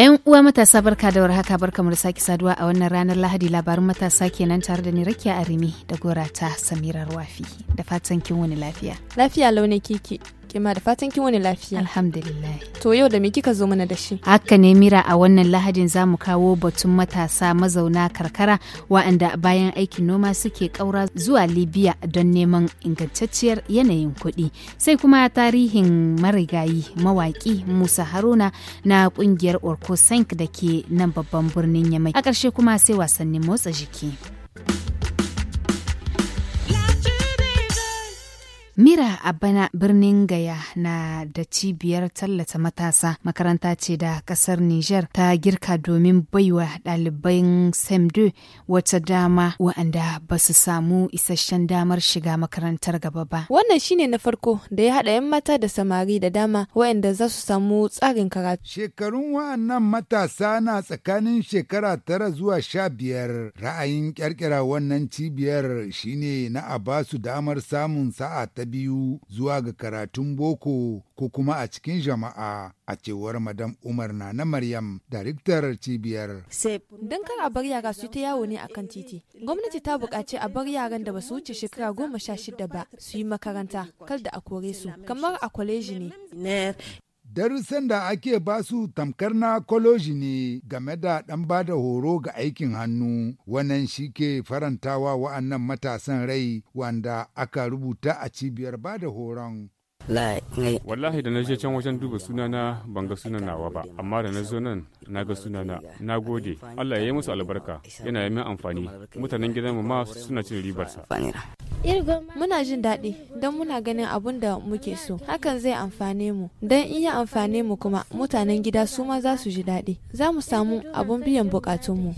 'Yan uwa matasa barka da haka barka da sake saduwa a wannan ranar Lahadi labarin matasa kenan tare da ni Rakiya Arimi da gora ta Samira ruwafi da fatan kin wani lafiya. Lafiya launin kiki. Kima da fatan kin wani lafiya. Alhamdulillah. To yau da me kika zo mana da shi? Haka ne Mira a wannan Lahadin za mu kawo batun matasa mazauna karkara wa'anda bayan aikin noma suke ƙaura zuwa Libya don neman ingantacciyar yanayin kuɗi. Sai kuma tarihin marigayi mawaƙi Musa Haruna na ƙungiyar Orko Sank da ke nan babban birnin Yamai. A ƙarshe kuma sai wasannin motsa jiki. Mira a bana birnin Gaya na da cibiyar tallata matasa makaranta ce da kasar Nijar ta girka domin baiwa ɗaliban SEMDU wata dama wa'anda ba su samu isasshen damar shiga makarantar gaba ba. Wannan shine na farko da ya haɗa 'yan mata da samari da dama wa'anda za su samu tsarin karatu. Shekarun wa'annan matasa na tsakanin shekara tara zuwa sha biyar ra'ayin ƙyarƙyara wannan cibiyar shine na a ba su damar samun sa'a ta biyu zuwa ga karatun boko ko kuma a cikin jama'a a cewar madam umar na na maryam daraktar cibiyar don kar a bar yara su ta yawo ne a kan titi gwamnati ta buƙaci a bar yaran da ba su wuce shekara goma sha shida ba su yi makaranta kar da a kore su kamar a kwaleji ne Darussan da ake ba su tamkar na koloji ne game da ɗan ba da horo ga aikin hannu, wannan shi ke farantawa wa'annan matasan rai wanda aka rubuta a cibiyar ba da horon. wallahi da na je can wajen duba sunana ban ga sunan nawa ba amma da na zo nan na ga sunana na gode Allah ya yi musu albarka yana yi min amfani mutanen gidanmu ma suna cin ribarsa muna jin daɗi don muna ganin abun da muke so hakan zai amfane mu don in yi amfane mu kuma mutanen gida su ma za su ji daɗi za mu samu abun biyan mu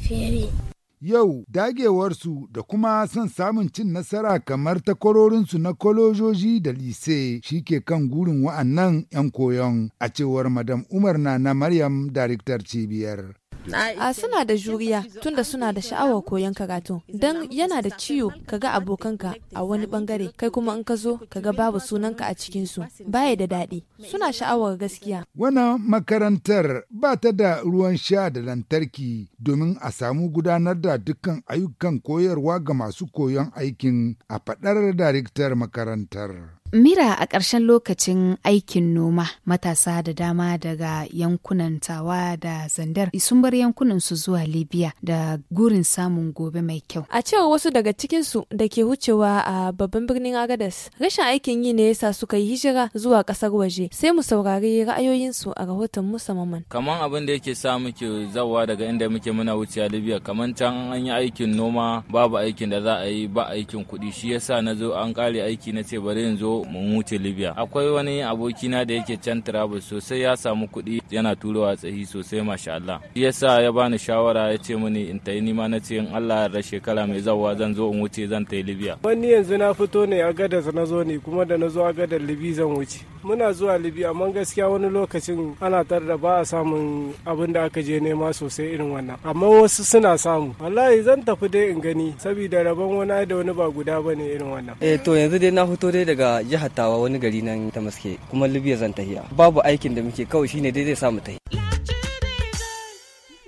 Yau dagewarsu da kuma son samun cin nasara kamar takwarorinsu na kolojoji da lise shi ke kan gurin wa'annan 'yan koyon a cewar Madam Umar na Maryam daraktar cibiyar. A suna da juriya tunda suna da sha'awar koyon karatu. don yana da ciwo ka ga abokanka a wani bangare kai kuma in ka zo ka ga babu sunanka a cikinsu, su. Baya da daɗi. Suna sha'awar gaskiya. Wannan makarantar ba ta da ruwan sha da lantarki domin a samu gudanar da dukkan ayyukan koyarwa ga masu koyon aikin a faɗar daraktar makarantar. Mira a ƙarshen lokacin aikin noma matasa da dama daga yankunan tawa da zandar sun bar yankunan su zuwa Libya da gurin samun gobe mai kyau. A cewa wasu daga cikinsu da ke wucewa a babban birnin Agadas, rashin aikin yi ne yasa suka yi hijira zuwa ƙasar waje. Sai mu saurari ra'ayoyinsu a rahoton Musa mamman. Kaman abin da yake sa muke zawa daga inda muke muna wuce Libya, kaman can an yi aikin noma babu aikin da za a yi ba aikin kuɗi shi yasa na zo an ƙare aiki na ce bari in zo mu mun wuce libya akwai wani abokina da yake can travel sosai ya samu kuɗi yana turowa tsahi sosai masha Allah yasa ya bani shawara ya ce mini in tayi nima na ce in Allah ya shekara mai zawa zan zo in wuce zan tayi libya wani yanzu na fito ne a gadar na zo ne kuma da na zo a gadar libi zan wuce muna zuwa libi amma gaskiya wani lokacin ana tar da ba a samun abin da aka je nema sosai irin wannan amma wasu suna samu wallahi zan tafi dai in gani saboda rabon wani da wani ba guda bane irin wannan eh to yanzu dai na fito dai daga jihar Tawa wani gari nan ta maske kuma Libya zan tahiya. Babu aikin da muke kawai shine dai zai samu tahi.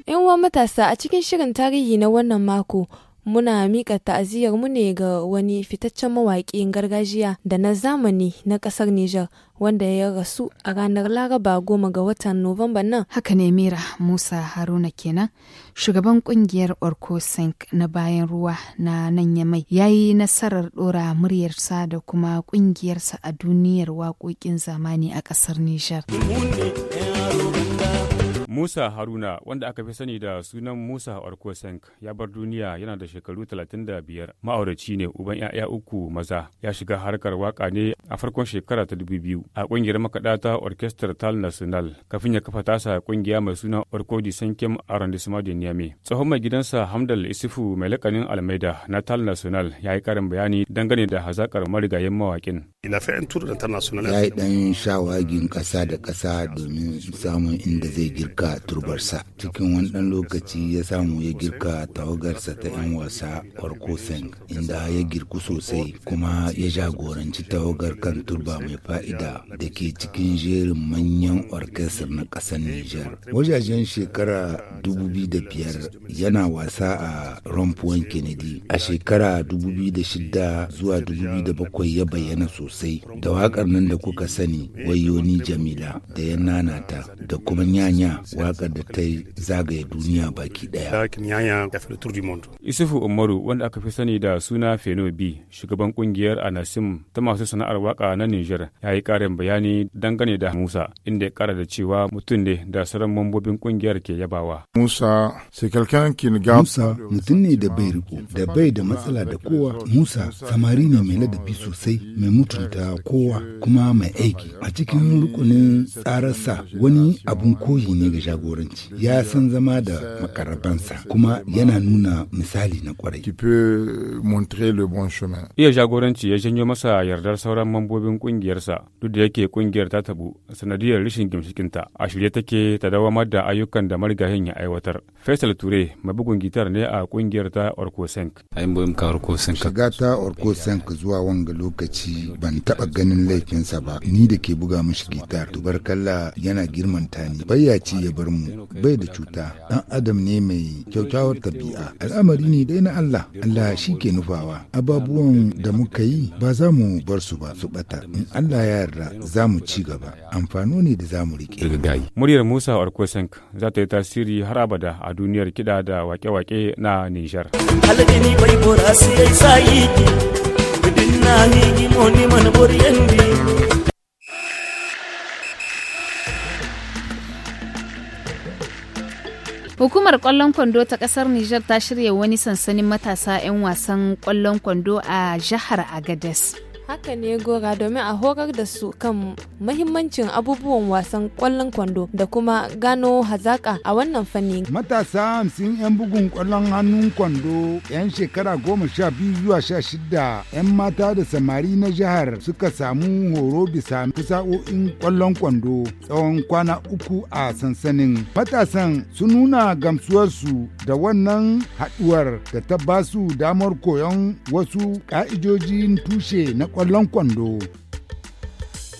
Yan uwa matasa a cikin shirin tarihi na wannan mako muna miƙa mika mu ne ga wani fitaccen mawaƙin gargajiya da na zamani na ƙasar Nijar wanda ya rasu a ranar Laraba goma ga watan Nuwamba nan. Haka ne Mira Musa Haruna kenan, shugaban ƙungiyar Orko Sink na bayan ruwa na nan Yamai ya yi nasarar ɗora muryarsa da kuma ƙungiyarsa a duniyar waƙoƙin zamani a ƙasar Nijar. Musa Haruna wanda aka fi sani da sunan Musa Orkosenk ya bar duniya yana da shekaru 35 ma'auraci ne uban 'ya'ya uku maza ya shiga harkar waka ne a farkon shekara ta 2000 a kungiyar makaɗa ta Orchestre Tal National kafin ya kafa tasa kungiya mai suna Orko di Sankem Arrondissement de Niamey. Tsohon mai gidansa Hamdal Isifu mai lakanin Almeida na Tal National ya yi karin bayani dangane da hazakar marigayen mawakin. Ya yi ɗan shawagin ƙasa da ƙasa domin samun inda zai girka girka turbarsa cikin wani ɗan lokaci ya samu ya girka tawagarsa ta 'yan wasa Orkoseng inda ya girku sosai kuma ya jagoranci tawagar kan turba mai fa'ida da ke cikin jerin manyan orkestar na ƙasar niger. Wajajen shekara biyar yana wasa a Rompuan Kennedy a shekara 2006 zuwa 2007 ya bayyana sosai da waƙar nan da kuka sani wayoni Jamila da ya nanata da kuma nyanya waƙar da ta yi zagaye duniya baki ɗaya. Isufu Umaru wanda aka fi sani da suna Feno shugaban kungiyar Anasim ta masu sana'ar waka na Nijar ya yi ƙarin bayani dangane da Musa inda ya ƙara da cewa mutum ne da sauran mambobin kungiyar ke yabawa. Musa Musa mutum ne da bai riko da bai da matsala da kowa Musa samari ne mai ladabi sosai mai mutunta kowa kuma mai aiki a cikin rukunin tsararsa wani abun koyi ne ga jagoranci ya san zama da makarabansa kuma yana nuna misali na kwarai iya jagoranci ya janyo masa yardar sauran mambobin kungiyarsa duk da yake kungiyar ta tabu sanadiyar rashin gimshikinta a shirye take ta dawamar da ayyukan da marigayin ya aiwatar faisal ture mai bugun gitar ne a kungiyar ta orkosenk shiga ta orkosenk zuwa wanga lokaci ban taba ganin laifinsa ba ni da ke buga mishi gitar tubarkalla yana girmanta ni bayyaci ya bar mu bai da cuta dan adam ne mai kyaukyawar tabi'a al'amari ne dai na Allah Allah shi ke nufawa ababuwan da muka yi ba za mu bar su ba su bata in Allah ya yarda za mu ci gaba amfano ne da za mu rike muryar Musa Orkosenk za ta yi tasiri har abada a duniyar kida da wake-wake na Nijar. Alɗini bai bora sai sai ki, dinna na ni mon ni man boriyan Hukumar kwallon kwando ta kasar Nijar ta shirya wani sansanin matasa 'yan wasan kwallon kwando a jihar Agadez. Haka ne gora domin a horar da su kan mahimmancin abubuwan wasan kwallon kwando da kuma gano hazaka a wannan fanni. Matasa hamsin 'yan bugun kwallon hannun kwando 'yan shekara goma sha biyu zuwa sha shida 'yan mata da samari na jihar suka samu horo bisa sa'o'in kwallon kwando tsawon kwana uku a sansanin. Matasan sun nuna gamsuwarsu da wannan haɗuwar da ta basu damar koyon wasu ƙa'idojin tushe na kwallon kwando.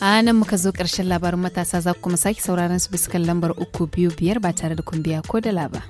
a nan muka zo ƙarshen labarin matasa za ku kuma sake sauraron su bisa lambar uku biyu biyar ba tare da kumbiya ko da laba.